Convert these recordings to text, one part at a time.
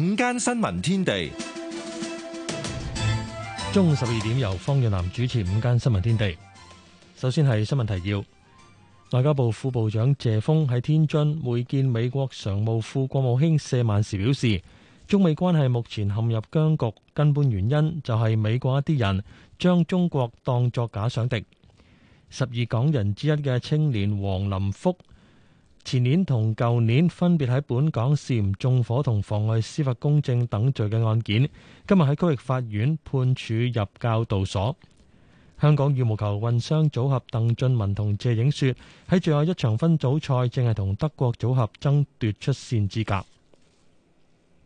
午間新聞天地，中午十二點由方潤南主持《午間新聞天地》。首先係新聞提要：外交部副部長謝鋒喺天津會見美國常務副國務卿舍曼時表示，中美關係目前陷入僵局，根本原因就係美國一啲人將中國當作假想敵。十二港人之一嘅青年黃林福，前年同舊年分別喺本港涉嫌縱火同妨礙司法公正等罪嘅案件，今日喺區域法院判處入教導所。香港羽毛球混雙組合鄧俊文同謝影雪喺最後一場分組賽正係同德國組合爭奪出線資格。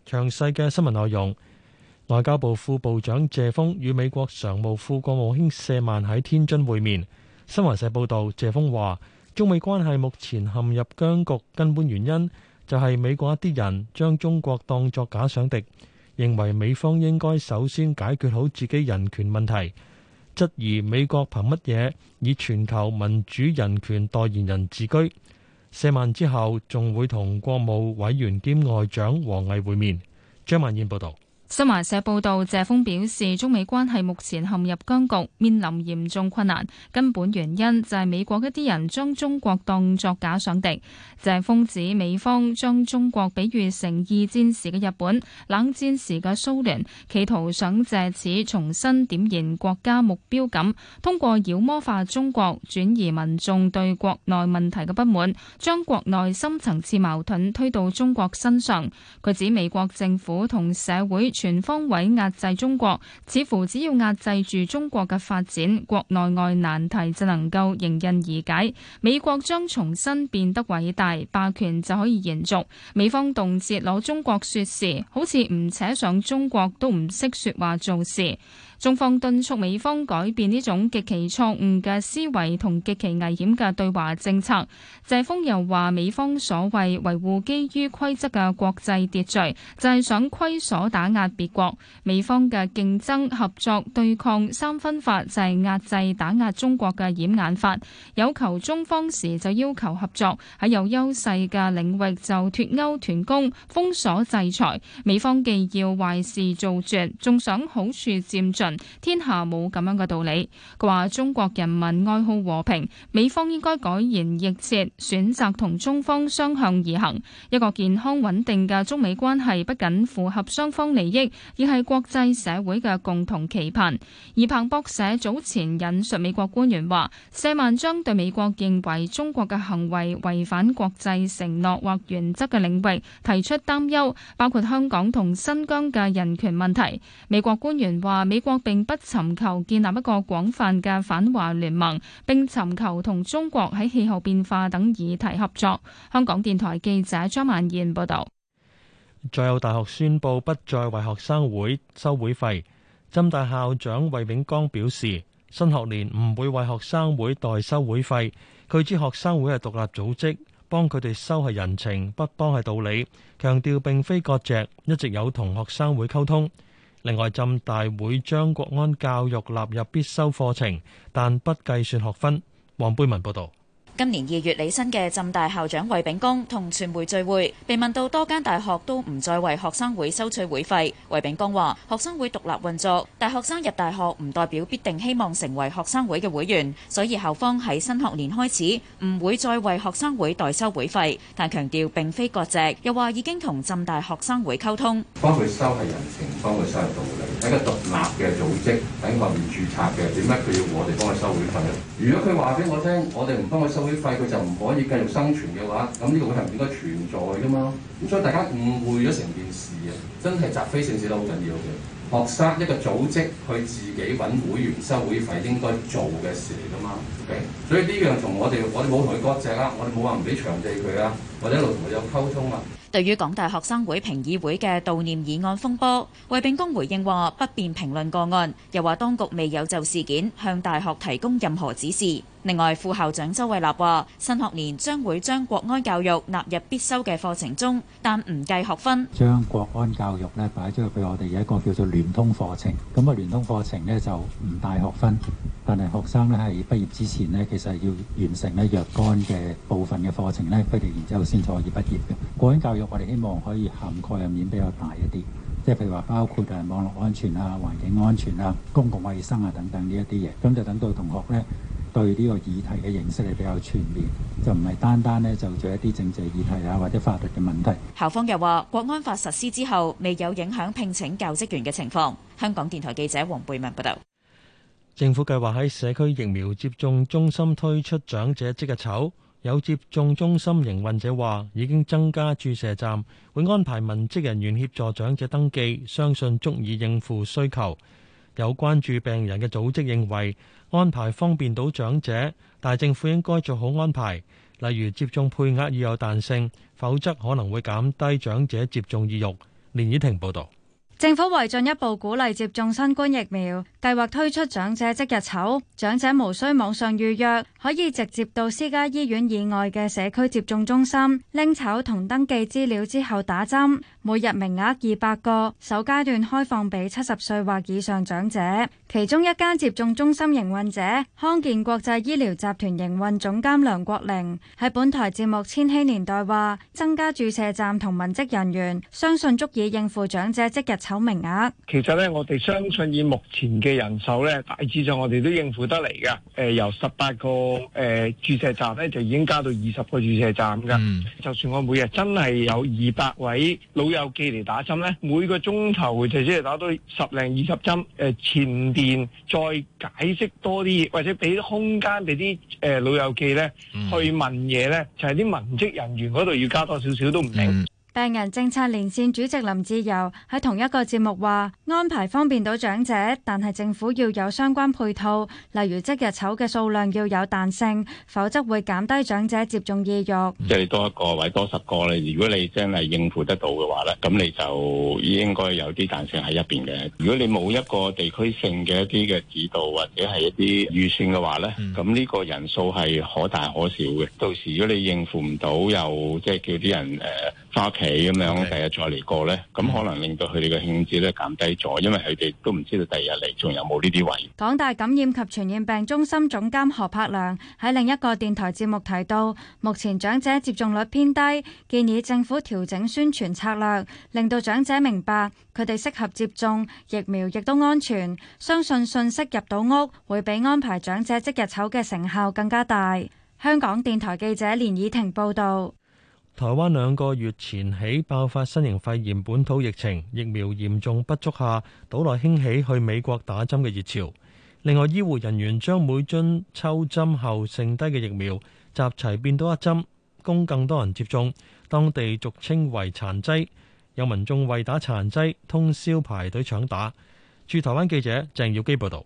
詳細嘅新聞內容，外交部副部長謝鋒與美國常務副國務卿舍曼喺天津會面。新華社報導，謝鋒話。中美關係目前陷入僵局，根本原因就係美國一啲人將中國當作假想敵，認為美方應該首先解決好自己人權問題。質疑美國憑乜嘢以全球民主人權代言人自居？卸萬之後，仲會同國務委員兼外長王毅會面。張曼燕報導。新華社報道，謝鋒表示，中美關係目前陷入僵局，面臨嚴重困難。根本原因就係美國一啲人將中國當作假想敵。謝鋒指美方將中國比喻成二戰時嘅日本、冷戰時嘅蘇聯，企圖想借此重新點燃國家目標感，通過妖魔化中國轉移民眾對國內問題嘅不滿，將國內深層次矛盾推到中國身上。佢指美國政府同社會。全方位壓制中國，似乎只要壓制住中國嘅發展，國內外難題就能夠迎刃而解，美國將重新變得偉大，霸權就可以延續。美方動輒攞中國說事，好似唔扯上中國都唔識說話做事。中方敦促美方改變呢種極其錯誤嘅思維同極其危險嘅對華政策。謝鋒又話美方所謂維護基於規則嘅國際秩序，就係想規所打壓別國。美方嘅競爭合作對抗三分法就係壓制打壓中國嘅掩眼法。有求中方時就要求合作，喺有優勢嘅領域就脫鈎斷供、封鎖制裁。美方既要壞事做絕，仲想好處占盡。天下冇咁樣嘅道理。佢話中國人民愛好和平，美方應該改弦易轍，選擇同中方相向而行。一個健康穩定嘅中美關係不僅符合雙方利益，亦係國際社會嘅共同期盼。而彭博社早前引述美國官員話，謝萬章對美國認為中國嘅行為違反國際承諾或原則嘅領域提出擔憂，包括香港同新疆嘅人權問題。美國官員話，美國。並不尋求建立一個廣泛嘅反華聯盟，並尋求同中國喺氣候變化等議題合作。香港電台記者張曼燕報道。再有大學宣布不再為學生會收會費，浸大校長衞炳江表示，新學年唔會為學生會代收會費。佢知學生會係獨立組織，幫佢哋收係人情，不幫係道理。強調並非割席，一直有同學生會溝通。另外，浸大會將國安教育納入必修課程，但不計算學分。黃貝文報導。今年二月履新嘅浸大校長衞炳江同傳媒聚會，被問到多間大學都唔再為學生會收取會費，衞炳江話學生會獨立運作，大學生入大學唔代表必定希望成為學生會嘅會員，所以校方喺新學年開始唔會再為學生會代收會費，但強調並非割席，又話已經同浸大學生會溝通。幫佢收係人情，幫佢收係道理，係一個獨立嘅組織喺外面註冊嘅，點解佢要我哋幫佢收會費？如果佢話俾我聽，我哋唔幫佢收。費佢就唔可以繼續生存嘅話，咁呢個會係唔應該存在噶嘛？咁所以大家誤會咗成件事啊！真係積非成是都好緊要嘅。學生一個組織，佢自己揾會員收會費應該做嘅事嚟噶嘛。所以呢樣同我哋，我哋冇同佢割蓆啦，我哋冇話唔俾場地佢啊，或者一路同佢有溝通啊。對於港大學生會評議會嘅悼念議案風波，衛炳江回應話不便評論個案，又話當局未有就事件向大學提供任何指示。另外，副校長周慧立話：新學年將會將國安教育納入必修嘅課程中，但唔計學分。將國安教育咧擺咗入去我哋有一個叫做聯通課程。咁啊，聯通課程咧就唔大學分，但係學生咧喺畢業之前咧，其實要完成咧若干嘅部分嘅課程咧，佢哋然之後先至可以畢業嘅國安教育。我哋希望可以涵蓋嘅面比較大一啲，即係譬如話包括就係網絡安全啊、環境安全啊、公共衛生啊等等呢一啲嘢。咁就等到同學咧。對呢個議題嘅認識係比較全面，就唔係單單咧就做一啲政治議題啊，或者法律嘅問題。校方又話，國安法實施之後，未有影響聘請教職員嘅情況。香港電台記者黃貝文報道。政府計劃喺社區疫苗接種中心推出長者即日籌，有接種中心營運者話，已經增加注射站，會安排文職人員協助長者登記，相信足以應付需求。有關注病人嘅組織認為安排方便到長者，但政府應該做好安排，例如接種配額要有彈性，否則可能會減低長者接種意欲。連怡婷報導。政府為進一步鼓勵接種新冠疫苗，計劃推出長者即日籌，長者無需網上預約，可以直接到私家醫院以外嘅社區接種中心拎籌同登記資料之後打針。每日名額二百個，首階段開放俾七十歲或以上長者。其中一間接種中心營運者康健國際醫療集團營運總監梁國寧喺本台節目《千禧年代》話，增加注射站同文職人員，相信足以應付長者即日籌。有名額，其實咧，我哋相信以目前嘅人手咧，大致上我哋都應付得嚟㗎。誒、呃，由十八個誒、呃、注射站咧，就已經加到二十個注射站噶、嗯。就算我每日真係有二百位老友記嚟打針咧，每個鐘頭就即係打到十零二十針。誒、呃，前邊再解釋多啲，或者俾啲空間俾啲誒老友記咧、嗯、去問嘢咧，就係、是、啲文職人員嗰度要加多少少都唔定。嗯病人政策連線主席林志由喺同一個節目話：安排方便到長者，但係政府要有相關配套，例如即日籌嘅數量要有彈性，否則會減低長者接種意欲，即係多一個位，或者多十個咧。如果你真係應付得到嘅話咧，咁你就應該有啲彈性喺入邊嘅。如果你冇一個地區性嘅一啲嘅指導或者係一啲預算嘅話咧，咁呢個人數係可大可小嘅。到時如果你應付唔到，又即係叫啲人誒。呃返屋企咁樣，第日再嚟過呢。咁可能令到佢哋嘅興致咧，減低咗，因為佢哋都唔知道第二日嚟仲有冇呢啲位。港大感染及傳染病中心總監何柏良喺另一個電台節目提到，目前長者接種率偏低，建議政府調整宣傳策略，令到長者明白佢哋適合接種疫苗，亦都安全。相信信息入到屋，會比安排長者即日籌嘅成效更加大。香港電台記者連以婷報導。台灣兩個月前起爆發新型肺炎本土疫情，疫苗嚴重不足下，島內興起去美國打針嘅熱潮。另外，醫護人員將每樽抽針後剩低嘅疫苗集齊變多一針，供更多人接種。當地俗稱為殘劑。有民眾為打殘劑，通宵排隊搶打。駐台灣記者鄭耀基報道。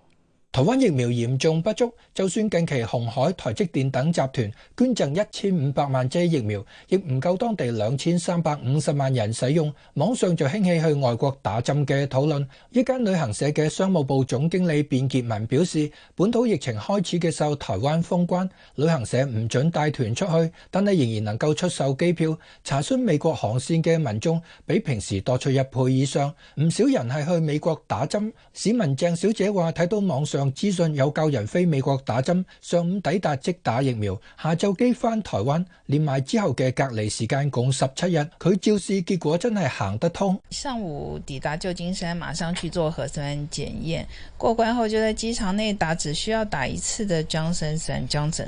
台灣疫苗嚴重不足，就算近期鴻海、台積電等集團捐贈1500萬劑疫苗，亦唔夠當地2350萬人使用。網上就興起去外國打針嘅討論。一間旅行社嘅商務部總經理卞潔文表示，本土疫情開始嘅時候，台灣封關，旅行社唔准帶團出去，但係仍然能夠出售機票。查詢美國航線嘅民眾比平時多出一倍以上，唔少人係去美國打針。市民鄭小姐話，睇到網上資訊有教人飛美國打針，上午抵達即打疫苗，下晝機返台灣，連埋之後嘅隔離時間共十七日，佢照試，結果真係行得通。上午抵達舊金山，馬上去做核酸檢驗，過關後就在機場內打，只需要打一次的 Johnson & Johnson，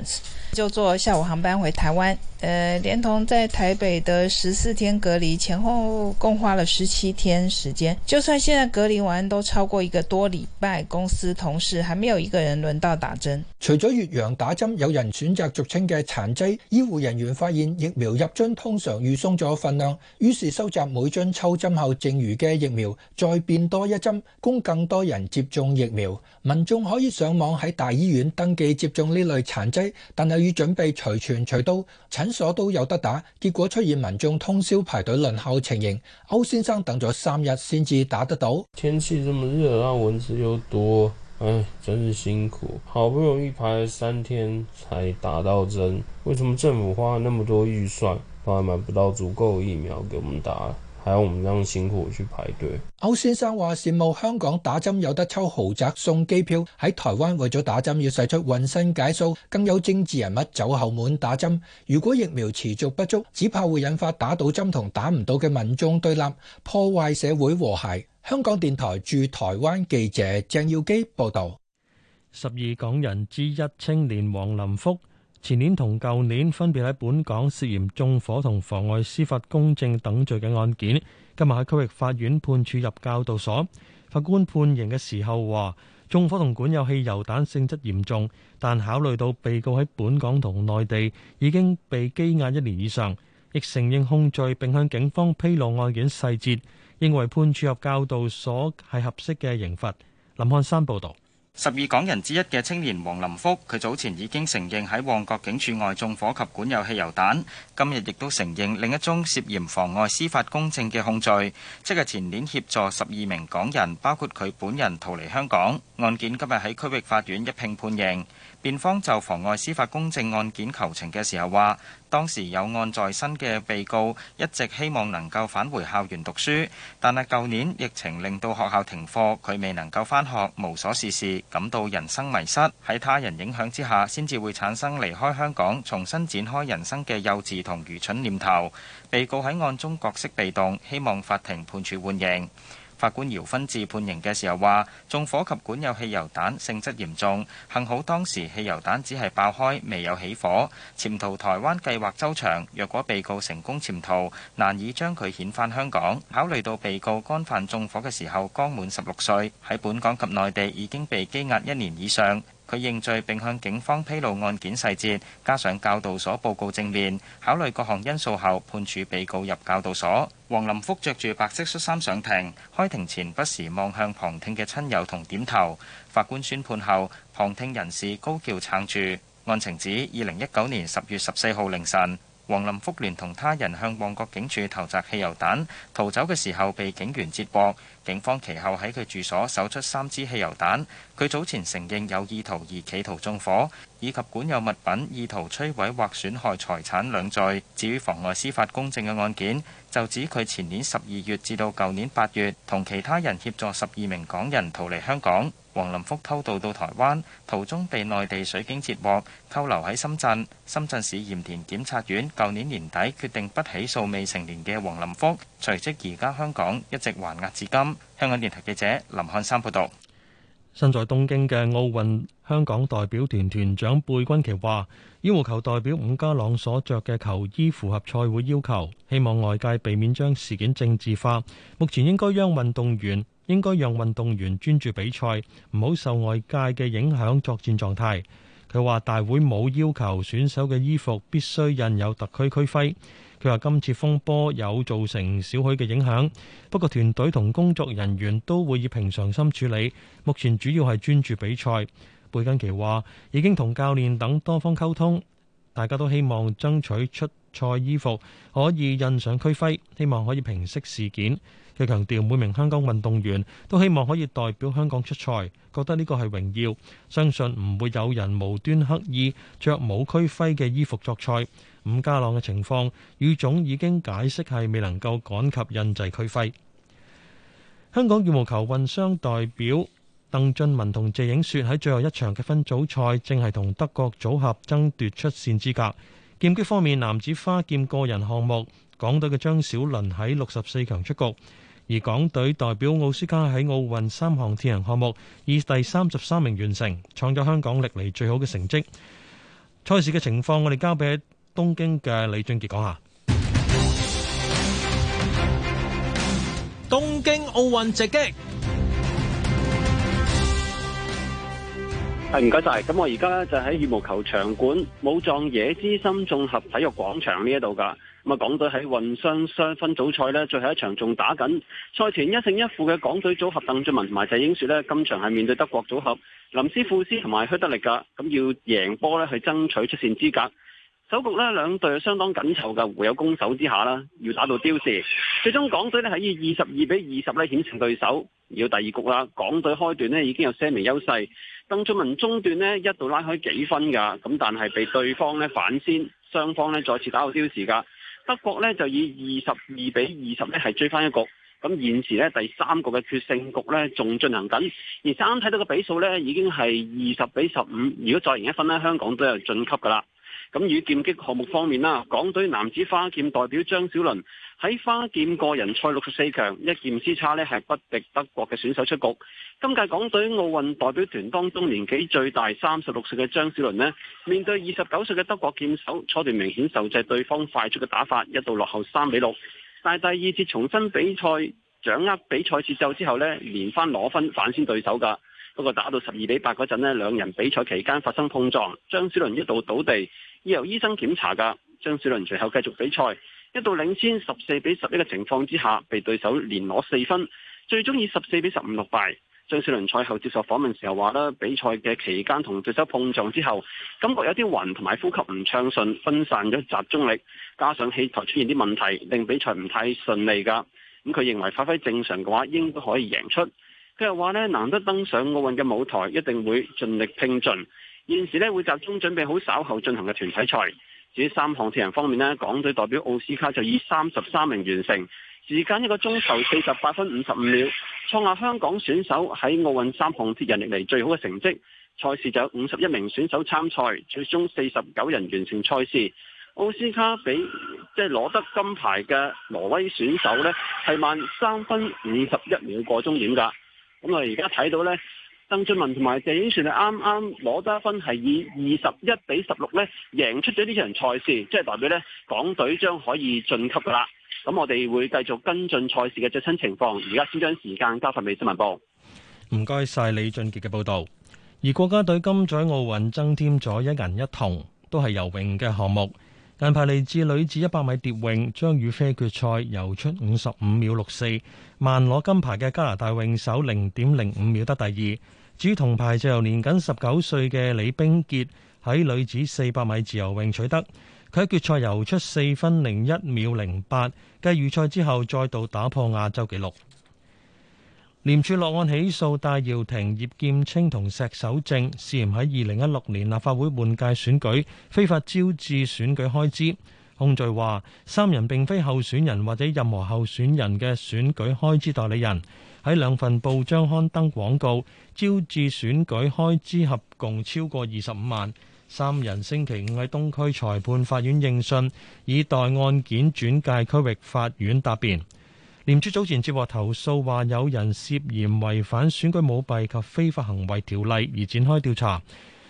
就坐下午航班回台灣。誒，連同在台北的十四天隔離，前後共花了十七天時間。就算現在隔離完都超過一個多禮拜，公司同事還沒有一個人輪到打針。除咗越洋打針，有人選擇俗稱嘅殘劑。醫護人員發現疫苗入樽通常預鬆咗份量，於是收集每樽抽針後剩餘嘅疫苗，再變多一針，供更多人接種疫苗。民眾可以上網喺大醫院登記接種呢類殘劑，但係要準備隨傳隨到所都有得打，結果出現民眾通宵排隊輪候情形。歐先生等咗三日先至打得到。天氣這麼熱，然後蚊子又多，唉,真是辛苦。好不容易排三天才打到針，為什麼政府花了那麼多預算，都還買不到足夠疫苗給我們打？還要我們這樣辛苦去排隊。歐先生話羨慕香港打針有得抽豪宅送機票，喺台灣為咗打針要使出渾身解數，更有政治人物走後門打針。如果疫苗持續不足，只怕會引發打到針同打唔到嘅民眾對立，破壞社會和諧。香港電台駐台灣記者鄭耀基報道。十二港人之一青年王林福。前年同舊年分別喺本港涉嫌縱火同妨礙司法公正等罪嘅案件，今日喺區域法院判處入教導所。法官判刑嘅時候話：縱火同管有汽油彈性質嚴重，但考慮到被告喺本港同內地已經被羈押一年以上，亦承認控罪，並向警方披露案件細節，認為判處入教導所係合適嘅刑罰。林漢山報導。十二港人之一嘅青年王林福，佢早前已經承認喺旺角警署外縱火及管有汽油彈，今日亦都承認另一宗涉嫌妨礙司法公正嘅控罪，即係前年協助十二名港人，包括佢本人逃離香港。案件今日喺區域法院一併判刑。辯方就妨礙司法公正案件求情嘅時候話，當時有案在身嘅被告一直希望能夠返回校園讀書，但係舊年疫情令到學校停課，佢未能夠翻學，無所事事，感到人生迷失，喺他人影響之下，先至會產生離開香港、重新展開人生嘅幼稚同愚蠢念頭，被告喺案中角色被動，希望法庭判處緩刑。法官姚勳智判刑嘅時候話，縱火及管有汽油彈性質嚴重。幸好當時汽油彈只係爆開，未有起火。潛逃台灣計劃周詳，若果被告成功潛逃，難以將佢遣返香港。考慮到被告干犯縱火嘅時候剛滿十六歲，喺本港及內地已經被羈押一年以上。佢認罪並向警方披露案件細節，加上教導所報告正面，考慮各項因素後，判處被告入教導所。黃林福着住白色恤衫上庭，開庭前不時望向旁聽嘅親友同點頭。法官宣判後，旁聽人士高叫撐住。案情指，二零一九年十月十四號凌晨，黃林福連同他人向旺角警署投擲汽油彈，逃走嘅時候被警員截獲。警方其後喺佢住所搜出三支汽油彈。佢早前承認有意圖而企圖縱火，以及管有物品意圖摧毀或損害財產兩罪。至於妨礙司法公正嘅案件，就指佢前年十二月至到舊年八月同其他人協助十二名港人逃離香港。黃林福偷渡到台灣，途中被內地水警截獲，扣留喺深圳。深圳市鹽田檢察院舊年年底決定不起訴未成年嘅黃林福，隨即移交香港，一直還押至今。香港電台記者林漢山報道。身在東京嘅奧運香港代表團團長貝鈞奇話，羽毛球代表伍家朗所着嘅球衣符合賽會要求，希望外界避免將事件政治化。目前應該讓運動員。應該讓運動員專注比賽，唔好受外界嘅影響作戰狀態。佢話大會冇要求選手嘅衣服必須印有特區區徽。佢話今次風波有造成少許嘅影響，不過團隊同工作人員都會以平常心處理。目前主要係專注比賽。貝根奇話已經同教練等多方溝通，大家都希望爭取出賽衣服可以印上區徽，希望可以平息事件。佢強調，每名香港運動員都希望可以代表香港出賽，覺得呢個係榮耀。相信唔會有人無端刻意着冇區徽嘅衣服作賽。伍家朗嘅情況，羽總已經解釋係未能夠趕及印製區徽。香港羽毛球混雙代表鄧俊文同謝影雪喺最後一場嘅分組賽，正係同德國組合爭奪出線資格。劍擊方面，男子花劍個人項目，港隊嘅張小倫喺六十四強出局。而港隊代表奧斯卡喺奧運三項鐵人項目以第三十三名完成，創咗香港歷嚟最好嘅成績。賽事嘅情況，我哋交俾東京嘅李俊杰講下。東京奧運直擊。係唔該晒，咁我而家就喺、是、羽毛球場館武藏野之森綜合體育廣場呢一度噶。咁啊，港隊喺混雙雙分組賽呢最後一場仲打緊，賽前一勝一負嘅港隊組合鄧俊文同埋謝影雪呢今場係面對德國組合林斯庫斯同埋虛德力噶，咁要贏波呢去爭取出線資格。首局呢兩隊相當緊湊噶，互有攻守之下啦，要打到刁士。最終港隊呢喺以二十二比二十咧險勝對手，要第二局啦。港隊開段呢已經有些 semi- 微優勢。鄧俊文中段呢一度拉開幾分㗎，咁但係被對方呢反先，雙方呢再次打到少少㗎。德國呢就以二十二比二十呢係追翻一局，咁現時呢第三局嘅決勝局呢仲進行緊，而啱啱睇到嘅比數呢已經係二十比十五，如果再贏一分呢香港都有晉級㗎啦。咁與劍擊項目方面啦，港隊男子花劍代表張小倫喺花劍個人賽六十四強一劍之差呢係不敵德國嘅選手出局。今屆港隊奧運代表團當中年紀最大三十六歲嘅張小倫呢，面對二十九歲嘅德國劍手，初段明顯受制對方快速嘅打法，一度落後三比六。但係第二節重新比賽掌握比賽節奏之後呢，連番攞分反先對手噶。不過打到十二比八嗰陣呢，兩人比賽期間發生碰撞，張小倫一度倒地，要由醫生檢查噶。張小倫隨後繼續比賽，一度領先十四比十一嘅情況之下，被對手連攞四分，最終以十四比十五落敗。張小倫賽後接受訪問時候話呢，比賽嘅期間同對手碰撞之後，感覺有啲暈同埋呼吸唔暢順，分散咗集中力，加上器材出現啲問題，令比賽唔太順利噶。咁佢認為發揮正常嘅話，應該可以贏出。佢話呢，難得登上奧運嘅舞台，一定會盡力拼盡，現時呢，會集中準備好稍後進行嘅團體賽。至於三項鐵人方面呢，港隊代表奧斯卡就以三十三名完成，時間一個鐘頭四十八分五十五秒，創下香港選手喺奧運三項鐵人歷嚟最好嘅成績。賽事就有五十一名選手參賽，最終四十九人完成賽事。奧斯卡比即係攞得金牌嘅挪威選手呢，係慢三分五十一秒過終點㗎。咁我哋而家睇到呢，鄧俊文同埋謝影雪係啱啱攞得分21，係以二十一比十六呢贏出咗呢場賽事，即係代表呢港隊將可以晉級噶啦。咁我哋會繼續跟進賽事嘅最新情況。而家先將時間交返俾新聞部。唔該晒李俊杰嘅報道。而國家隊今載奧運增添咗一銀一銅，都係游泳嘅項目。銀牌嚟自女子一百米蝶泳張雨霏決賽游出五十五秒六四，慢攞金牌嘅加拿大泳手零點零五秒得第二。至於銅牌就由年僅十九歲嘅李冰潔喺女子四百米自由泳取得，佢喺決賽游出四分零一秒零八，繼預賽之後再度打破亞洲紀錄。廉署落案起訴戴耀廷、葉劍清同石守正，涉嫌喺二零一六年立法會換屆選舉非法招致選舉開支。控罪話，三人並非候選人或者任何候選人嘅選舉開支代理人，喺兩份報章刊登廣告招致選舉開支合共超過二十五萬。三人星期五喺東區裁判法院應訊，以待案件轉介區域法院答辯。廉署早前接獲投訴，話有人涉嫌違反選舉舞弊及非法行為條例而展開調查。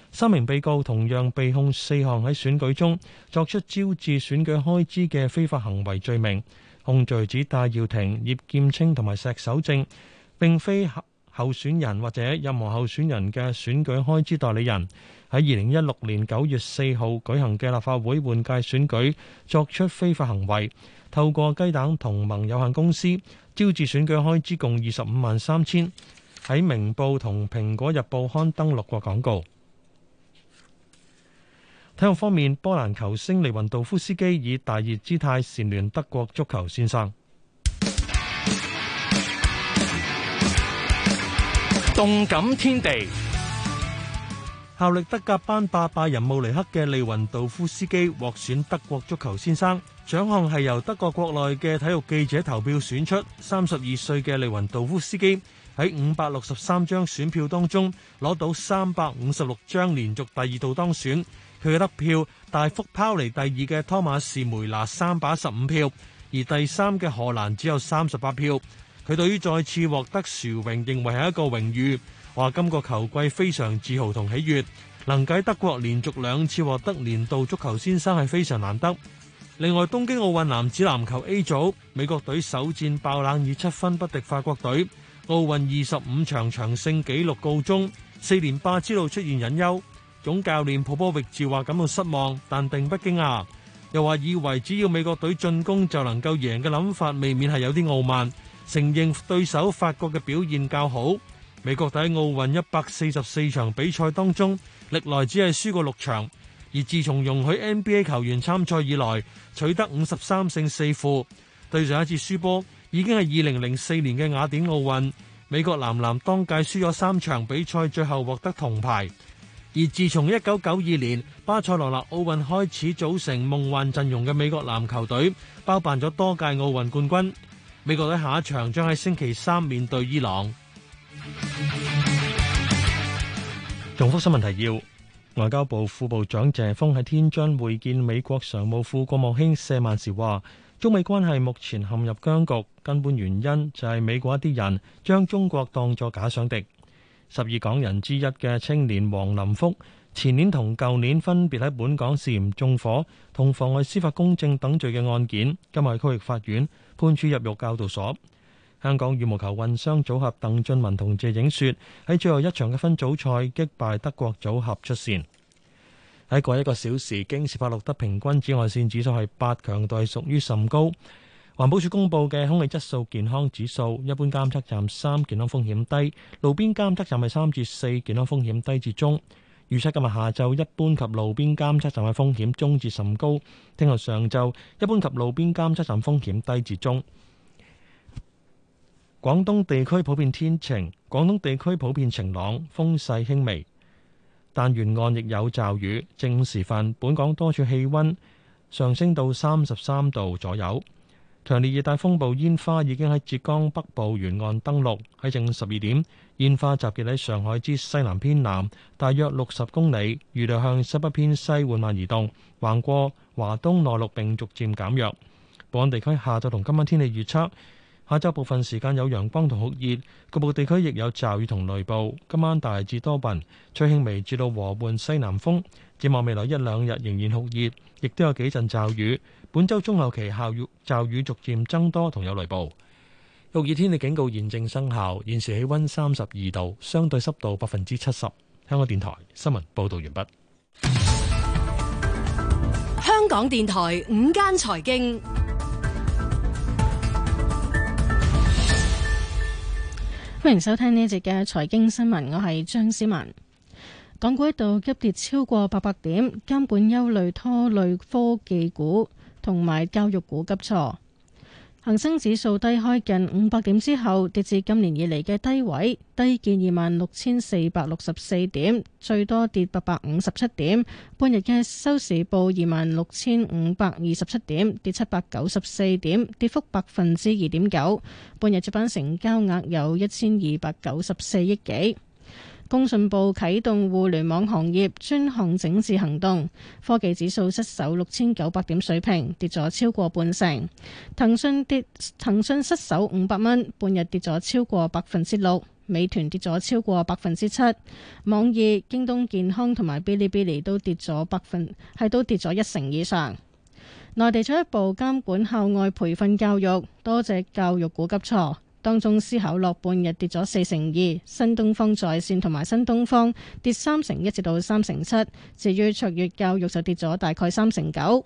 三名被告同樣被控四項喺選舉中作出招致選舉開支嘅非法行為罪名。控罪指戴耀廷、葉劍清同埋石守正，並非候候選人或者任何候選人嘅選舉開支代理人，喺二零一六年九月四號舉行嘅立法會換屆選舉作出非法行為，透過雞蛋同盟有限公司招致選舉開支共二十五萬三千，喺明報同蘋果日報刊登六個廣告。體育方面，波蘭球星利雲道夫斯基以大熱姿態蟬聯德國足球先生。動感天地。效力德甲班霸拜仁慕尼黑嘅利雲道夫斯基獲選德國足球先生，獎項係由德國國內嘅體育記者投票選出。三十二歲嘅利雲道夫斯基喺五百六十三張選票當中攞到三百五十六張，連續第二度當選。佢嘅得票大幅拋離第二嘅托馬斯梅拿三百一十五票，而第三嘅荷蘭只有三十八票。佢對於再次獲得殊榮，認為係一個榮譽。話今個球季非常自豪同喜悅,能解德國連續兩次獲得年度足球先生,係非常難得。另外,東京奧運男子籃球 A 組,美國隊首戰爆冷以七分不敵法國隊,奧運二十五場長勝紀錄告終,四連霸之路出現隱憂,總教練波波維奇話感到失望,但並不驚訝,又話以為只要美國隊進攻,就能夠贏嘅諗法,未免係有啲傲慢,承認對手法國嘅表現較好。美國隊喺奧運一百四十四場比賽當中，歷來只係輸過六場。而自從容許 NBA 球員參賽以來，取得五十三勝四負。對上一次輸波已經係二零零四年嘅雅典奧運。美國男籃當屆輸咗三場比賽，最後獲得銅牌。而自從一九九二年巴塞羅那奧運開始組成夢幻陣容嘅美國籃球隊，包辦咗多屆奧運冠軍。美國隊下一場將喺星期三面對伊朗。重複新聞提要：外交部副部長謝峰喺天津會見美國常務副國務卿謝曼時話，中美關係目前陷入僵局，根本原因就係美國一啲人將中國當作假想敵。十二港人之一嘅青年王林福，前年同舊年分別喺本港涉嫌縱火同妨礙司法公正等罪嘅案件，今日喺區域法院判處入獄教導所。香港羽毛球混雙組合鄧俊文同謝影雪喺最後一場嘅分組賽擊敗德國組合出線。喺過一個小時，京士柏錄得平均紫外線指數係八，強度係屬於甚高。環保署公布嘅空氣質素健康指數，一般監測站三，健康風險低；路邊監測站係三至四，健康風險低至中。預測今日下晝一般及路邊監測站嘅風險中至甚高，聽日上晝一般及路邊監測站風險低至中。廣東地區普遍天晴，廣東地區普遍晴朗，風勢輕微，但沿岸亦有驟雨。正午時分，本港多處氣温上升到三十三度左右。強烈熱帶風暴煙花已經喺浙江北部沿岸登陸，喺正午十二點，煙花集結喺上海之西南偏南，大約六十公里，預料向西北偏西緩慢移動，橫過華東內陸並逐漸減弱。本港地區下晝同今晚天氣預測。下晝部分時間有陽光同酷熱，局部地區亦有驟雨同雷暴。今晚大致多雲，吹輕微至到和緩西南風。展望未來一兩日仍然酷熱，亦都有幾陣驟雨。本周中後期驟雨驟雨逐漸增多同有雷暴。酷熱天氣警告現正生效。現時氣溫三十二度，相對濕度百分之七十。香港電台新聞報道完畢。香港電台午間財經。歡迎收聽呢一節嘅財經新聞，我係張思文。港股一度急跌超過八百點，監管憂慮拖累科技股同埋教育股急挫。恒生指數低開近五百點之後，跌至今年以嚟嘅低位，低見二萬六千四百六十四點，最多跌八百五十七點。半日嘅收市報二萬六千五百二十七點，跌七百九十四點，跌幅百分之二點九。半日主板成交額有一千二百九十四億幾。工信部啟動互聯網行業專項整治行動，科技指數失守六千九百點水平，跌咗超過半成。騰訊跌，騰訊失守五百蚊，半日跌咗超過百分之六。美團跌咗超過百分之七。網易、京東健康同埋嗶哩嗶哩都跌咗百分，係都跌咗一成以上。內地進一步監管校外培訓教育，多隻教育股急挫。當中思考落半日，跌咗四成二。新東方在線同埋新東方跌三成一至到三成七。至於卓越教育就跌咗大概三成九。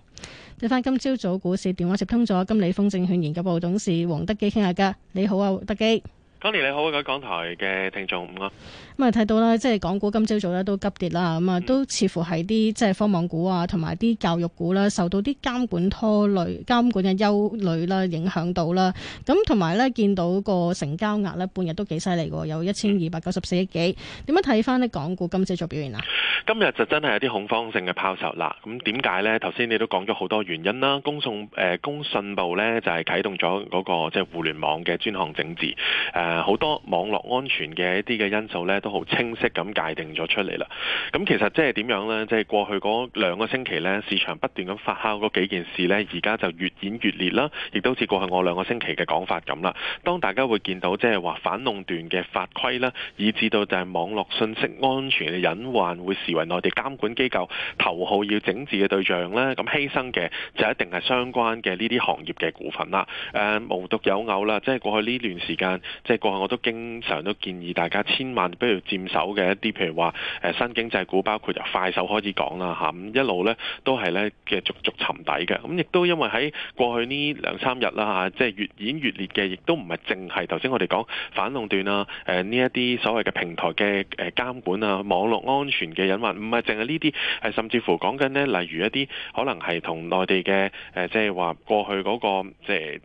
睇翻今朝早股市，電話接通咗金利豐證券研究部董事黃德基傾下㗎。你好啊，德基。當年你好，各位港台嘅聽眾午安。咁啊睇到啦，即係港股今朝早咧都急跌啦，咁啊都似乎係啲即係科網股啊，同埋啲教育股啦，受到啲監管拖累、監管嘅憂慮啦，影響到啦。咁同埋咧，見到個成交額咧，半日都幾犀利嘅，有一千二百九十四億幾。點樣睇翻咧？港股今朝早表現啊？今日就真係有啲恐慌性嘅拋售啦。咁點解咧？頭先你都講咗好多原因啦。公送誒工信部咧就係啟動咗、嗰個即係、就是、互聯網嘅專項整治，誒好多網絡安全嘅一啲嘅因素咧。都好清晰咁界定咗出嚟啦。咁其實即係點樣呢？即係過去嗰兩個星期呢，市場不斷咁發酵嗰幾件事呢，而家就越演越烈啦。亦都好似過去我兩個星期嘅講法咁啦。當大家會見到即係話反壟斷嘅法規啦，以至到就係網絡信息安全嘅隱患，會視為內地監管機構頭號要整治嘅對象呢。咁犧牲嘅就一定係相關嘅呢啲行業嘅股份啦。誒、呃，無獨有偶啦，即係過去呢段時間，即係過去我都經常都建議大家，千萬不～要佔手嘅一啲，譬如話誒新經濟股，包括由快手開始講啦嚇，咁、啊、一路咧都係咧嘅續續沉底嘅。咁亦都因為喺過去呢兩三日啦嚇，即係越演越烈嘅，亦都唔係淨係頭先我哋講反壟斷啊，誒呢一啲所謂嘅平台嘅誒監管啊，網絡安全嘅隱患，唔係淨係呢啲，係、啊、甚至乎講緊呢，例如一啲可能係同內地嘅誒、啊，即係話過去嗰、那個即係。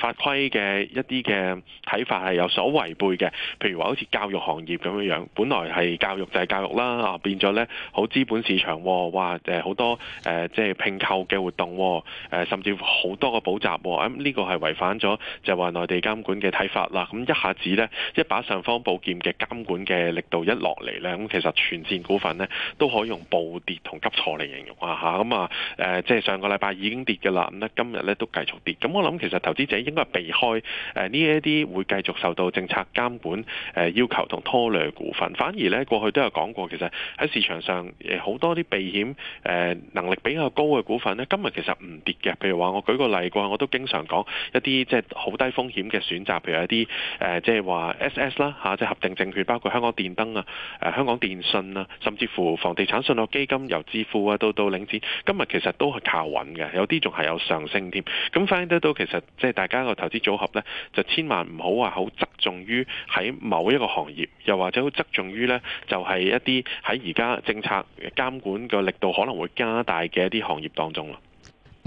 發規的一些的看法規嘅一啲嘅睇法係有所違背嘅，譬如話好似教育行業咁樣樣，本來係教育就係教育啦，啊變咗呢好資本市場，哇誒好多誒即係拼購嘅活動，誒甚至乎好多個補習，咁呢個係違反咗就話內地監管嘅睇法啦。咁一下子呢，即一把尚方寶劍嘅監管嘅力度一落嚟呢，咁其實全線股份呢都可以用暴跌同急挫嚟形容啊，吓，咁、啊、誒即係上個禮拜已經跌㗎啦，咁呢今日呢都繼續跌。咁我諗其實投資。者應該係避開誒呢一啲會繼續受到政策監管誒要求同拖累股份，反而呢，過去都有講過，其實喺市場上誒好多啲避險誒能力比較高嘅股份咧，今日其實唔跌嘅。譬如話，我舉個例啩，我都經常講一啲即係好低風險嘅選擇，譬如一啲誒即係話 S S 啦嚇，即係合訂證券，包括香港電燈啊，啊、誒香港電信啊，甚至乎房地產信託基金、由支付啊到到領展，今日其實都係靠穩嘅，有啲仲係有上升添。咁反得都其實即係。大家個投資組合呢，就千萬唔好話好側重於喺某一個行業，又或者好側重於呢，就係一啲喺而家政策監管個力度可能會加大嘅一啲行業當中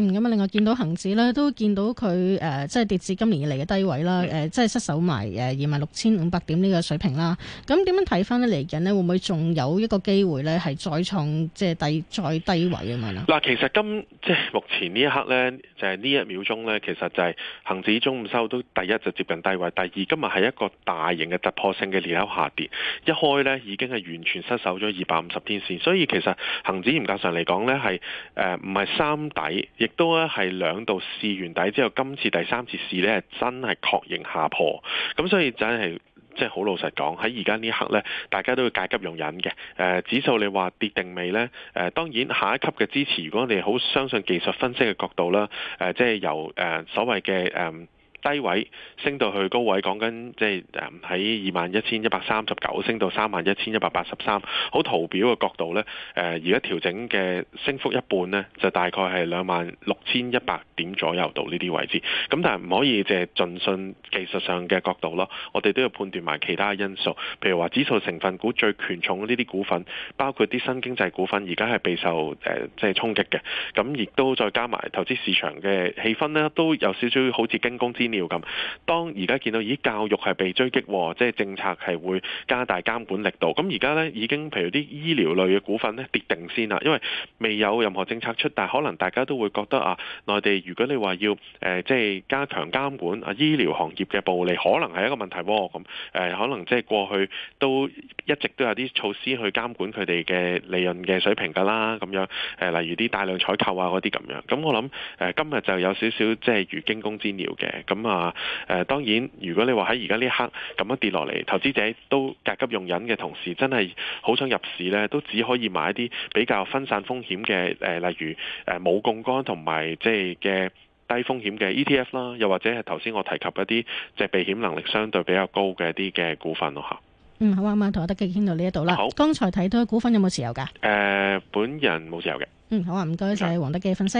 咁啊，另外見到恒指咧都見到佢誒，即係跌至今年以嚟嘅低位啦，誒、嗯，即係失守埋誒二萬六千五百點呢個水平啦。咁點樣睇翻呢？嚟緊咧會唔會仲有一個機會呢？係再創即係低再低位啊嘛？嗱，其實今即係目前呢一刻呢，就係、是、呢一秒鐘呢，其實就係恒指中午收都第一就接近低位，第二今日係一個大型嘅突破性嘅裂口下跌，一開呢已經係完全失守咗二百五十天線，所以其實恒指嚴格上嚟講呢，係誒唔係三底，都咧係兩度試完底之後，今次第三次試呢真係確認下破，咁所以真係即係好老實講，喺而家呢一刻呢，大家都會戒急用忍嘅。誒、呃、指數你話跌定未呢？誒、呃、當然下一級嘅支持，如果你好相信技術分析嘅角度啦，誒、呃、即係由誒、呃、所謂嘅誒。呃低位升到去高位，講緊即係喺二萬一千一百三十九升到三萬一千一百八十三。好圖表嘅角度咧，誒而家調整嘅升幅一半咧，就大概係兩萬六千一百點左右到呢啲位置。咁但係唔可以淨係盡信技術上嘅角度咯，我哋都要判斷埋其他因素，譬如話指數成分股最權重呢啲股份，包括啲新經濟股份而家係備受誒即係衝擊嘅。咁、呃、亦、就是、都再加埋投資市場嘅氣氛咧，都有少少好似驚弓之。咁，當而家見到依教育係被追擊，即、就、係、是、政策係會加大監管力度。咁而家呢，已經，譬如啲醫療類嘅股份呢，跌定先啦，因為未有任何政策出，但係可能大家都會覺得啊，內地如果你話要誒，即、呃、係、就是、加強監管啊，醫療行業嘅暴利可能係一個問題喎。咁、啊、誒、呃，可能即係過去都一直都有啲措施去監管佢哋嘅利潤嘅水平噶啦，咁樣誒、呃，例如啲大量採購啊嗰啲咁樣。咁我諗誒、呃，今日就有少少即係如驚弓之鳥嘅咁。咁、嗯、啊，誒當然，如果你話喺而家呢一刻咁樣跌落嚟，投資者都急急用緊嘅同時，真係好想入市呢，都只可以買一啲比較分散風險嘅誒、呃，例如誒冇槓桿同埋即係嘅低風險嘅 ETF 啦，又或者係頭先我提及一啲即係避險能力相對比較高嘅一啲嘅股份咯嚇。嗯，好啊，咁啊，同阿德基傾到呢一度啦。好，剛才睇到股份有冇持有噶？誒、呃，本人冇持有嘅。嗯，好啊，唔該晒。黃德基分析。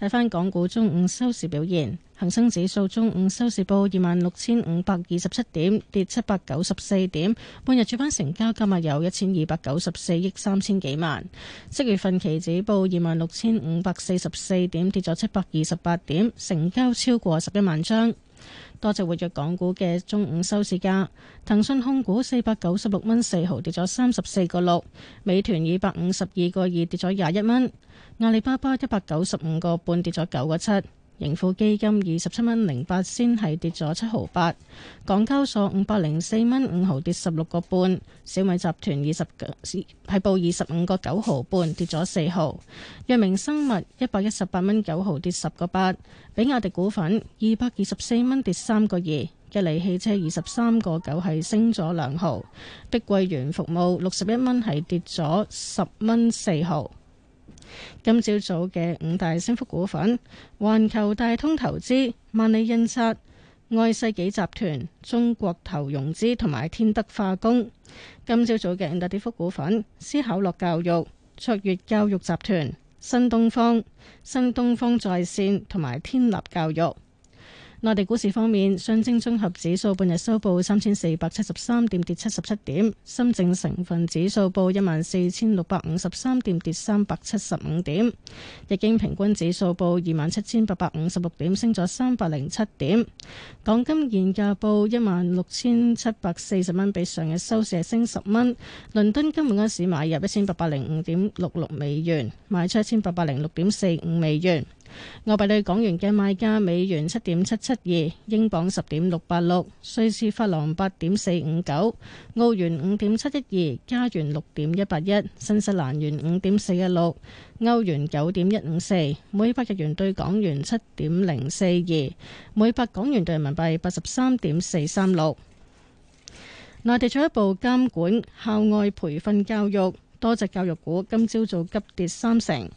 睇翻港股中午收市表現。恒生指數中午收市報二萬六千五百二十七點，跌七百九十四點。半日主板成交金額有一千二百九十四億三千幾萬。即月份期指報二萬六千五百四十四點，跌咗七百二十八點，成交超過十一萬張。多隻活躍港股嘅中午收市價，騰訊控股四百九十六蚊四毫，跌咗三十四個六；美團二百五十二個二，跌咗廿一蚊；阿里巴巴一百九十五個半，跌咗九個七。盈富基金二十七蚊零八先係跌咗七毫八，港交所五百零四蚊五毫跌十六個半，小米集團二十係報二十五個九毫半跌咗四毫，藥明生物一百一十八蚊九毫跌十個八，比亞迪股份二百二十四蚊跌三個二，吉利汽車二十三個九係升咗兩毫，碧桂園服務六十一蚊係跌咗十蚊四毫。今朝早嘅五大升幅股份：環球大通投資、萬里印刷、愛世紀集團、中國投融資同埋天德化工。今朝早嘅五大跌幅股份：思考樂教育、卓越教育集團、新東方、新東方在線同埋天立教育。內地股市方面，上證綜合指數半日收報三千四百七十三點，跌七十七點；深證成分指數報一萬四千六百五十三點，跌三百七十五點；日經平均指數報二萬七千八百五十六點，升咗三百零七點。港金現價報一萬六千七百四十蚊，比上日收市係升十蚊。倫敦金本市買入一千八百零五點六六美元，賣出一千八百零六點四五美元。外幣對港元嘅賣價：美元七點七七二，英鎊十點六八六，瑞士法郎八點四五九，澳元五點七一二，加元六點一八一，新西蘭元五點四一六，歐元九點一五四，每百日元對港元七點零四二，每百港元對人民幣八十三點四三六。內地進一步監管校外培訓教育，多隻教育股今朝早急跌三成。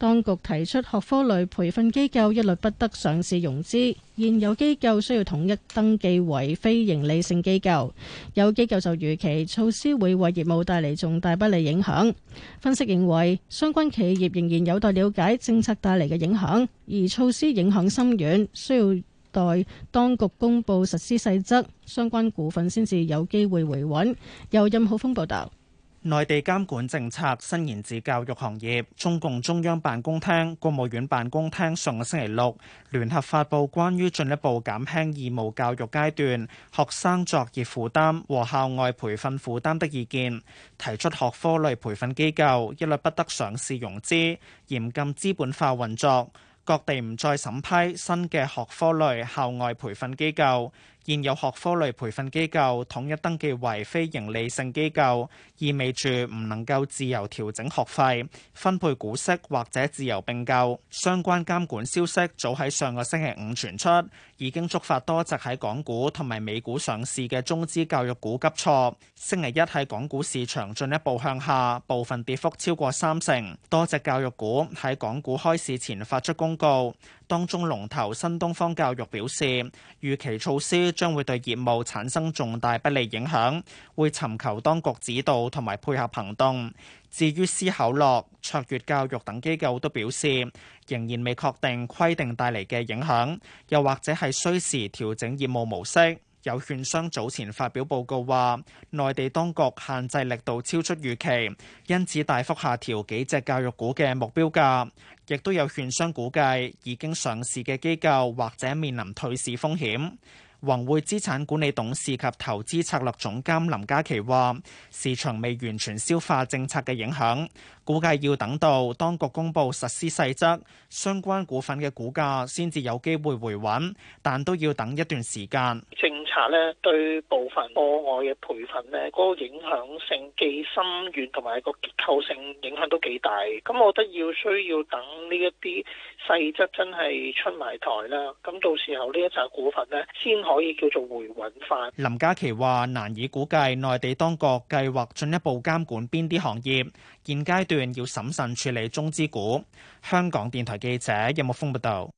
當局提出學科類培訓機構一律不得上市融資，現有機構需要統一登記為非盈利性機構。有機構就預期措施會為業務帶嚟重大不利影響。分析認為，相關企業仍然有待了解政策帶嚟嘅影響，而措施影響深遠，需要待當局公布實施細則，相關股份先至有機會回穩。由任浩峰報道。內地監管政策伸延至教育行業，中共中央辦公廳、國務院辦公廳上個星期六聯合發布關於進一步減輕義務教育階段學生作業負擔和校外培訓負擔的意見，提出學科類培訓機構一律不得上市融資，嚴禁資本化運作，各地唔再審批新嘅學科類校外培訓機構。現有學科類培訓機構統一登記為非營利性機構，意味住唔能夠自由調整學費、分配股息或者自由併購。相關監管消息早喺上個星期五傳出。已經觸發多隻喺港股同埋美股上市嘅中資教育股急挫。星期一喺港股市場進一步向下，部分跌幅超過三成。多隻教育股喺港股開市前發出公告，當中龍頭新東方教育表示，預期措施將會對業務產生重大不利影響，會尋求當局指導同埋配合行動。至於思考樂、卓越教育等機構都表示，仍然未確定規定帶嚟嘅影響，又或者係需時調整業務模式。有券商早前發表報告話，內地當局限制力度超出預期，因此大幅下調幾隻教育股嘅目標價。亦都有券商估計，已經上市嘅機構或者面臨退市風險。宏匯資產管理董事及投資策略總監林嘉琪話，市場未完全消化政策嘅影響。估計要等到當局公布實施細則，相關股份嘅股價先至有機會回穩，但都要等一段時間。政策呢對部分課外嘅培訓呢個影響性幾深遠，同埋個結構性影響都幾大。咁我覺得要需要等呢一啲細則真係出埋台啦。咁到時候呢一扎股份呢，先可以叫做回穩化。林嘉琪話：難以估計內地當局計劃進一步監管邊啲行業。現階段要審慎處理中資股。香港電台記者任木峰報道。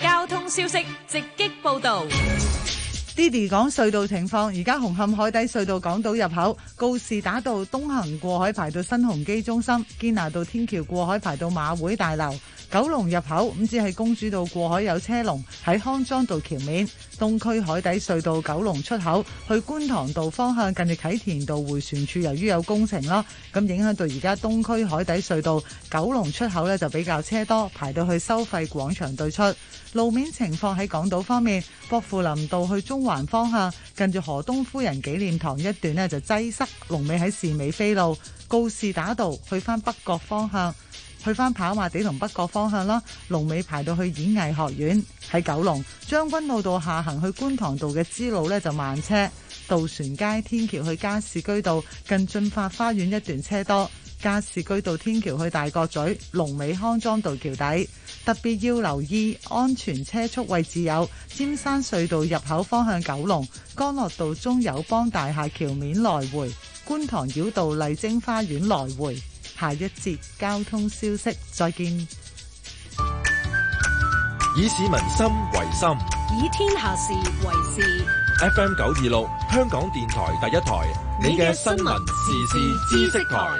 交通消息直擊報道。d d y 講隧道情況，而家紅磡海底隧道港島入口告士打道東行過海排到新鴻基中心，堅拿道天橋過海排到馬會大樓。九龍入口唔只係公主道過海有車龍，喺康莊道橋面，東區海底隧道九龍出口去觀塘道方向近住啟田道回旋處，由於有工程啦，咁影響到而家東區海底隧道九龍出口咧就比較車多，排到去收費廣場對出。路面情況，喺港島方面，薄扶林道去中環方向近住河東夫人紀念堂一段呢，就擠塞，龍尾喺士美菲路告士打道去返北角方向。去返跑馬地同北角方向啦，龍尾排到去演藝學院。喺九龍將軍澳道下行去觀塘道嘅支路呢，就慢車，渡船街天橋去加士居道近駿發花園一段車多，加士居道天橋去大角咀龍尾康莊道橋底，特別要留意安全車速位置有尖山隧道入口方向九龍干諾道中友邦大廈橋面來回，觀塘繞道麗晶花園來回。下一節交通消息再見。以市民心為心，以天下事為事。fm 926，香港電台第一台，你嘅新聞時事知識台。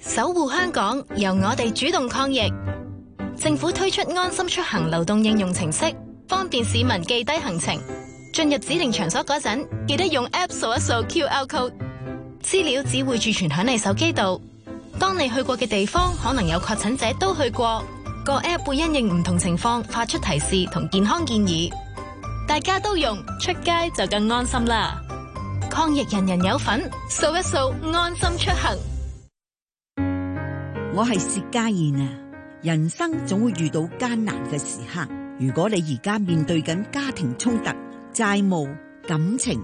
守護香港，由我哋主動抗疫。政府推出安心出行流動應用程式，方便市民記低行程，進入指定場所嗰陣，記得用 App 掃一掃 QR code 資料只會儲存響你手機度，當你去過嘅地方可能有確診者都去過，個 App 會因應唔同情況發出提示同健康建議，大家都用，出街就更安心啦。抗疫人人有份，掃一掃安心出行。我係薛家燕啊，人生總會遇到艱難嘅時刻，如果你而家面對緊家庭衝突、債務、感情。